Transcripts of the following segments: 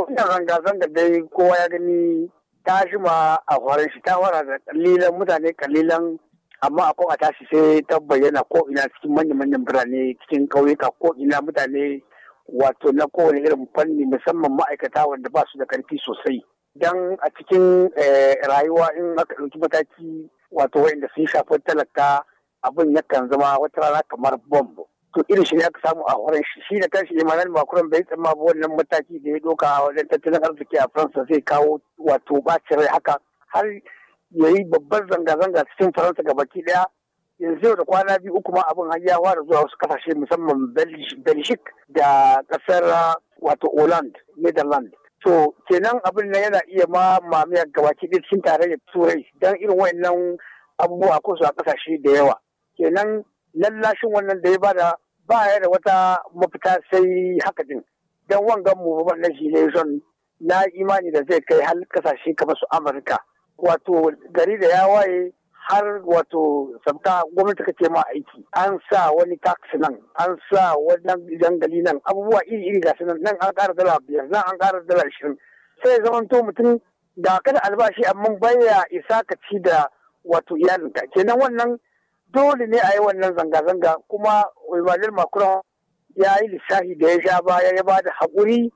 wannan rangazan da dai kowa ya gani ta shima a farin shi ta wara da kalilan mutane kalilan amma a kowa tashi sai ta bayyana ko ina cikin manya-manyan birane cikin kauyuka ko ina mutane wato na kowane irin fanni musamman ma'aikata wanda ba su da karfi sosai dan a cikin eh, rayuwa in aka ɗauki mataki wato wa'inda sun shafi talaka abin yakan zama wata rana kamar bomb to irin shi ne aka samu a wurin shi shi da kanshi Emmanuel Macron bai tsamma ba wannan mataki da ya doka a wajen tattalin arziki a Faransa zai kawo wato bacin rai haka har ya yi babbar zanga-zanga cikin Faransa ga baki daya yanzu yau da kwana biyu uku ma abin har ya fara zuwa wasu kasashe musamman belgique da kasar wato Holland, netherland. To kenan abin nan yana iya ma mamiya gabaki daya cikin tarayyar Turai don irin wayannan abubuwa ko su a kasashe da yawa. Kenan lallashin wannan da ya bada ba ya da wata mafita sai haka din don wangan mu na relation na imani da zai kai har kasashe kamar su amurka wato gari da ya waye har wato sabta gwamnati kake ma aiki an sa wani tax nan an sa wani dangali nan abubuwa iri iri ga nan nan an kara dala biyar nan an kara dala ashirin sai zamanto to mutum da kada albashi amma baya isa ka ci da wato iyalinka kenan wannan dole ne a yi wannan zanga-zanga kuma Emmanuel Macron ya yi lissafi da ya sha baya ya ba da haƙuri.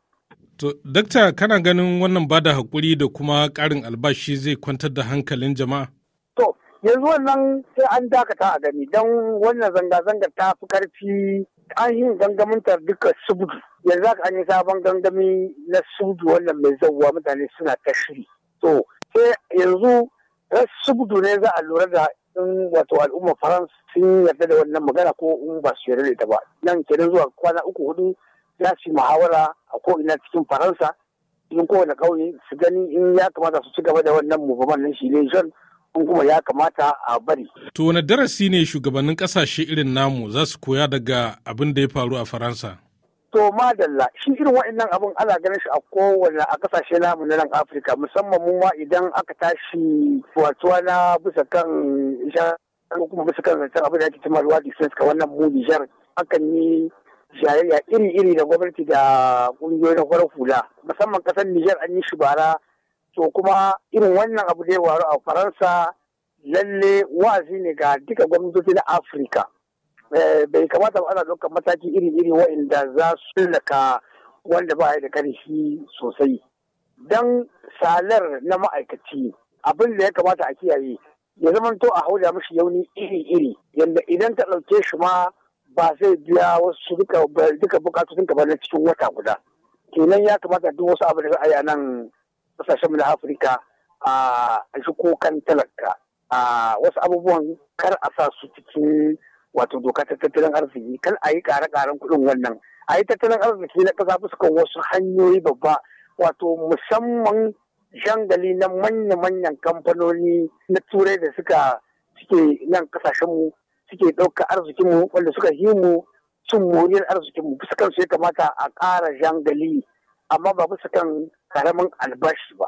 To, dakta kana ganin wannan ba da haƙuri da kuma ƙarin albashi zai kwantar da hankalin jama'a? To, yanzu wannan sai an dakata a gani don wannan zanga-zanga ta fi ƙarfi an yi gangamintar duka subudu. Yanzu aka an yi sabon gangami na subudu wannan mai zauwa mutane suna ta shiri. To, sai yanzu eh, subudu ne za a lura da din wato al'umma faransa sun yarda da wannan magana ko in ba su yarda da ba nan kenan zuwa kwana uku hudu za su muhawara a ko ina cikin faransa cikin kowane kauye su gani in ya kamata su ci gaba da wannan mubaman nan shi ne in kuma ya kamata a bari. To wani darasi ne shugabannin kasashe irin namu za su koya daga abin da ya faru a Faransa? To madalla shi irin wa'annan abun ana ganin shi a kowane a kasashe namu na nan Afirka musamman mu ma idan aka tashi watuwa na bisa kan ko kuma bisa kan zancen abin da ake cimma ruwa defense ka wannan mu Nijar akan yi jayayya iri-iri da gwamnati da ƙungiyoyi na kwarar hula musamman kasar Nijar an yi shi bara to kuma irin wannan abu da ya waru a Faransa lalle wa'azi ne ga duka gwamnatoci na Afirka Eh, bai kamata ba ana ɗaukar mataki iri-iri waɗanda za su laka wanda ba da ƙarfi sosai don salar na ma'aikaci abin da ya kamata a kiyaye ya zamanto a hauda mashi yauni iri-iri yadda idan ta ɗauke shi ma ba zai biya wasu duka bukatun ka na cikin wata guda kenan ya kamata duk wasu abu da za a yi a nan ƙasashen na afirka a shi kokan talaka a wasu abubuwan kar a sa su cikin wato doka ta tattalin arziki kan a yi ƙare-ƙaren kuɗin wannan a yi tattalin arziki na ƙasa fuskan wasu hanyoyi babba wato musamman jangali na manya-manyan kamfanoni na turai da suka suke nan ƙasashenmu suke ɗauka arzikinmu wanda suka yi mu sun moriyar arzikinmu fuskan su ya kamata a ƙara jangali amma ba fuskan karamin albashi ba.